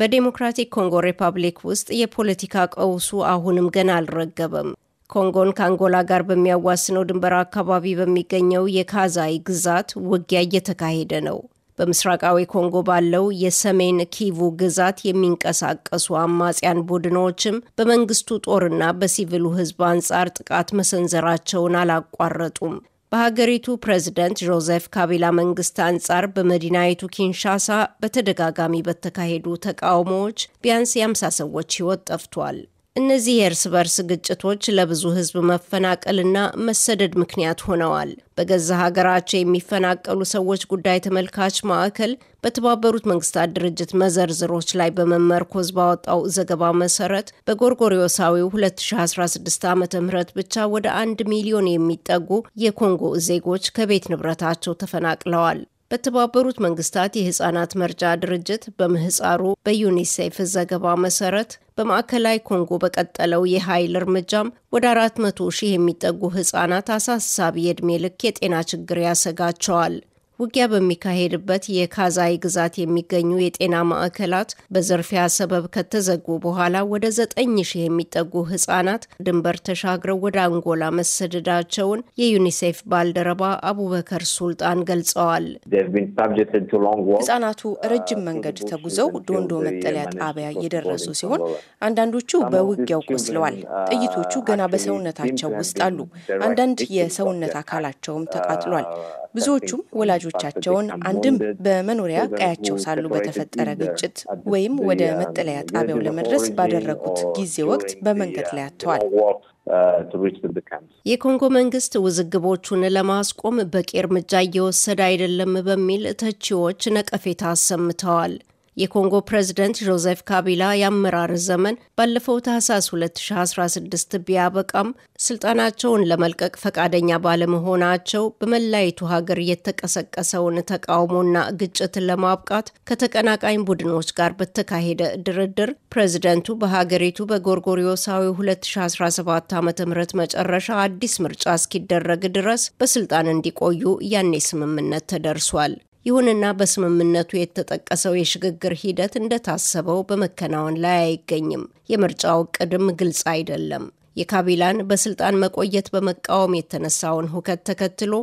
በዴሞክራቲክ ኮንጎ ሪፐብሊክ ውስጥ የፖለቲካ ቀውሱ አሁንም ገና አልረገበም። ኮንጎን ከአንጎላ ጋር በሚያዋስነው ድንበር አካባቢ በሚገኘው የካዛይ ግዛት ውጊያ እየተካሄደ ነው። በምስራቃዊ ኮንጎ ባለው የሰሜን ኪቩ ግዛት የሚንቀሳቀሱ አማጽያን ቡድኖችም በመንግስቱ ጦርና በሲቪሉ ሕዝብ አንጻር ጥቃት መሰንዘራቸውን አላቋረጡም። በሀገሪቱ ፕሬዝደንት ጆዘፍ ካቢላ መንግስት አንጻር በመዲናይቱ ኪንሻሳ በተደጋጋሚ በተካሄዱ ተቃውሞዎች ቢያንስ የአምሳ ሰዎች ህይወት ጠፍቷል። እነዚህ የእርስ በርስ ግጭቶች ለብዙ ህዝብ መፈናቀልና መሰደድ ምክንያት ሆነዋል። በገዛ ሀገራቸው የሚፈናቀሉ ሰዎች ጉዳይ ተመልካች ማዕከል በተባበሩት መንግስታት ድርጅት መዘርዝሮች ላይ በመመርኮዝ ባወጣው ዘገባ መሰረት በጎርጎሪዮሳዊው 2016 ዓ ም ብቻ ወደ አንድ ሚሊዮን የሚጠጉ የኮንጎ ዜጎች ከቤት ንብረታቸው ተፈናቅለዋል። በተባበሩት መንግስታት የህጻናት መርጃ ድርጅት በምህፃሩ በዩኒሴፍ ዘገባ መሰረት በማዕከላዊ ኮንጎ በቀጠለው የኃይል እርምጃም ወደ 400 ሺህ የሚጠጉ ህጻናት አሳሳቢ የዕድሜ ልክ የጤና ችግር ያሰጋቸዋል። ውጊያ በሚካሄድበት የካዛይ ግዛት የሚገኙ የጤና ማዕከላት በዝርፊያ ሰበብ ከተዘጉ በኋላ ወደ ዘጠኝ ሺህ የሚጠጉ ህጻናት ድንበር ተሻግረው ወደ አንጎላ መሰደዳቸውን የዩኒሴፍ ባልደረባ አቡበከር ሱልጣን ገልጸዋል። ህጻናቱ ረጅም መንገድ ተጉዘው ዶንዶ መጠለያ ጣቢያ የደረሱ ሲሆን አንዳንዶቹ በውጊያው ቆስለዋል። ጥይቶቹ ገና በሰውነታቸው ውስጥ አሉ። አንዳንድ የሰውነት አካላቸውም ተቃጥሏል። ብዙዎቹም ወላጆ ልጆቻቸውን አንድም በመኖሪያ ቀያቸው ሳሉ በተፈጠረ ግጭት ወይም ወደ መጠለያ ጣቢያው ለመድረስ ባደረጉት ጊዜ ወቅት በመንገድ ላይ አጥተዋል። የኮንጎ መንግስት ውዝግቦቹን ለማስቆም በቂ እርምጃ እየወሰደ አይደለም በሚል ተቺዎች ነቀፌታ አሰምተዋል። የኮንጎ ፕሬዝደንት ዦዜፍ ካቢላ የአመራር ዘመን ባለፈው ታህሳስ 2016 ቢያበቃም ስልጣናቸውን ለመልቀቅ ፈቃደኛ ባለመሆናቸው በመላይቱ ሀገር የተቀሰቀሰውን ተቃውሞና ግጭት ለማብቃት ከተቀናቃኝ ቡድኖች ጋር በተካሄደ ድርድር ፕሬዝደንቱ በሀገሪቱ በጎርጎሪዮሳዊ 2017 ዓ ም መጨረሻ አዲስ ምርጫ እስኪደረግ ድረስ በስልጣን እንዲቆዩ ያኔ ስምምነት ተደርሷል። ይሁንና በስምምነቱ የተጠቀሰው የሽግግር ሂደት እንደታሰበው በመከናወን ላይ አይገኝም። የምርጫው ቅድም ግልጽ አይደለም። የካቢላን በስልጣን መቆየት በመቃወም የተነሳውን ሁከት ተከትሎ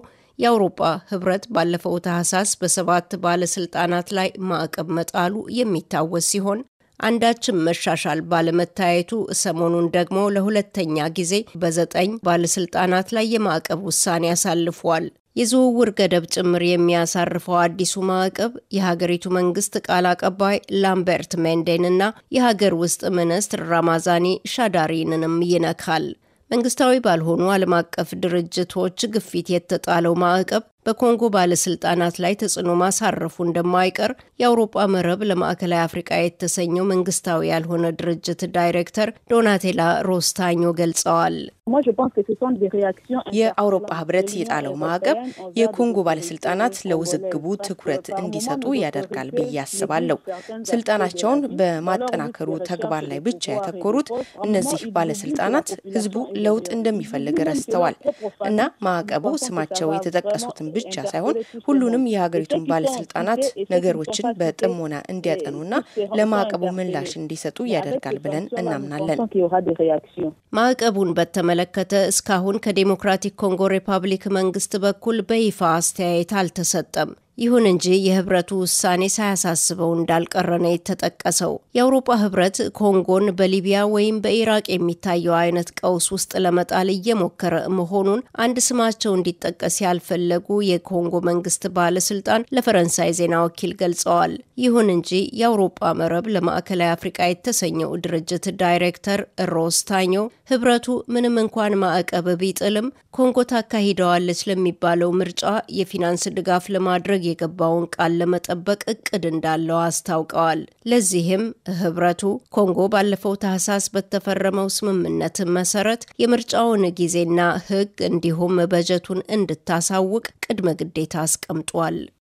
የአውሮፓ ህብረት ባለፈው ታህሳስ በሰባት ባለስልጣናት ላይ ማዕቀብ መጣሉ የሚታወስ ሲሆን አንዳችም መሻሻል ባለመታየቱ ሰሞኑን ደግሞ ለሁለተኛ ጊዜ በዘጠኝ ባለስልጣናት ላይ የማዕቀብ ውሳኔ አሳልፏል። የዝውውር ገደብ ጭምር የሚያሳርፈው አዲሱ ማዕቀብ የሀገሪቱ መንግስት ቃል አቀባይ ላምበርት ሜንዴን እና የሀገር ውስጥ ሚኒስትር ራማዛኒ ሻዳሪንንም ይነካል። መንግስታዊ ባልሆኑ ዓለም አቀፍ ድርጅቶች ግፊት የተጣለው ማዕቀብ በኮንጎ ባለስልጣናት ላይ ተጽዕኖ ማሳረፉ እንደማይቀር የአውሮጳ መረብ ለማዕከላዊ አፍሪቃ የተሰኘው መንግስታዊ ያልሆነ ድርጅት ዳይሬክተር ዶናቴላ ሮስታኞ ገልጸዋል። የአውሮጳ ህብረት የጣለው ማዕቀብ የኮንጎ ባለስልጣናት ለውዝግቡ ትኩረት እንዲሰጡ ያደርጋል ብዬ አስባለሁ። ስልጣናቸውን በማጠናከሩ ተግባር ላይ ብቻ ያተኮሩት እነዚህ ባለስልጣናት ህዝቡ ለውጥ እንደሚፈልግ ረስተዋል እና ማዕቀቡ ስማቸው የተጠቀሱትን ብቻ ሳይሆን ሁሉንም የሀገሪቱን ባለስልጣናት ነገሮችን በጥሞና እንዲያጠኑና ለማዕቀቡ ምላሽ እንዲሰጡ ያደርጋል ብለን እናምናለን። ማዕቀቡን በተመለከተ እስካሁን ከዴሞክራቲክ ኮንጎ ሪፐብሊክ መንግስት በኩል በይፋ አስተያየት አልተሰጠም። ይሁን እንጂ የህብረቱ ውሳኔ ሳያሳስበው እንዳልቀረ ነው የተጠቀሰው። የአውሮፓ ህብረት ኮንጎን በሊቢያ ወይም በኢራቅ የሚታየው አይነት ቀውስ ውስጥ ለመጣል እየሞከረ መሆኑን አንድ ስማቸው እንዲጠቀስ ያልፈለጉ የኮንጎ መንግስት ባለስልጣን ለፈረንሳይ ዜና ወኪል ገልጸዋል። ይሁን እንጂ የአውሮፓ መረብ ለማዕከላዊ አፍሪቃ የተሰኘው ድርጅት ዳይሬክተር ሮስ ታኞ ህብረቱ ምንም እንኳን ማዕቀብ ቢጥልም ኮንጎ ታካሂደዋለች ለሚባለው ምርጫ የፊናንስ ድጋፍ ለማድረግ የገባውን ቃል ለመጠበቅ እቅድ እንዳለው አስታውቀዋል። ለዚህም ህብረቱ ኮንጎ ባለፈው ታህሳስ በተፈረመው ስምምነት መሰረት የምርጫውን ጊዜና ህግ እንዲሁም በጀቱን እንድታሳውቅ ቅድመ ግዴታ አስቀምጧል።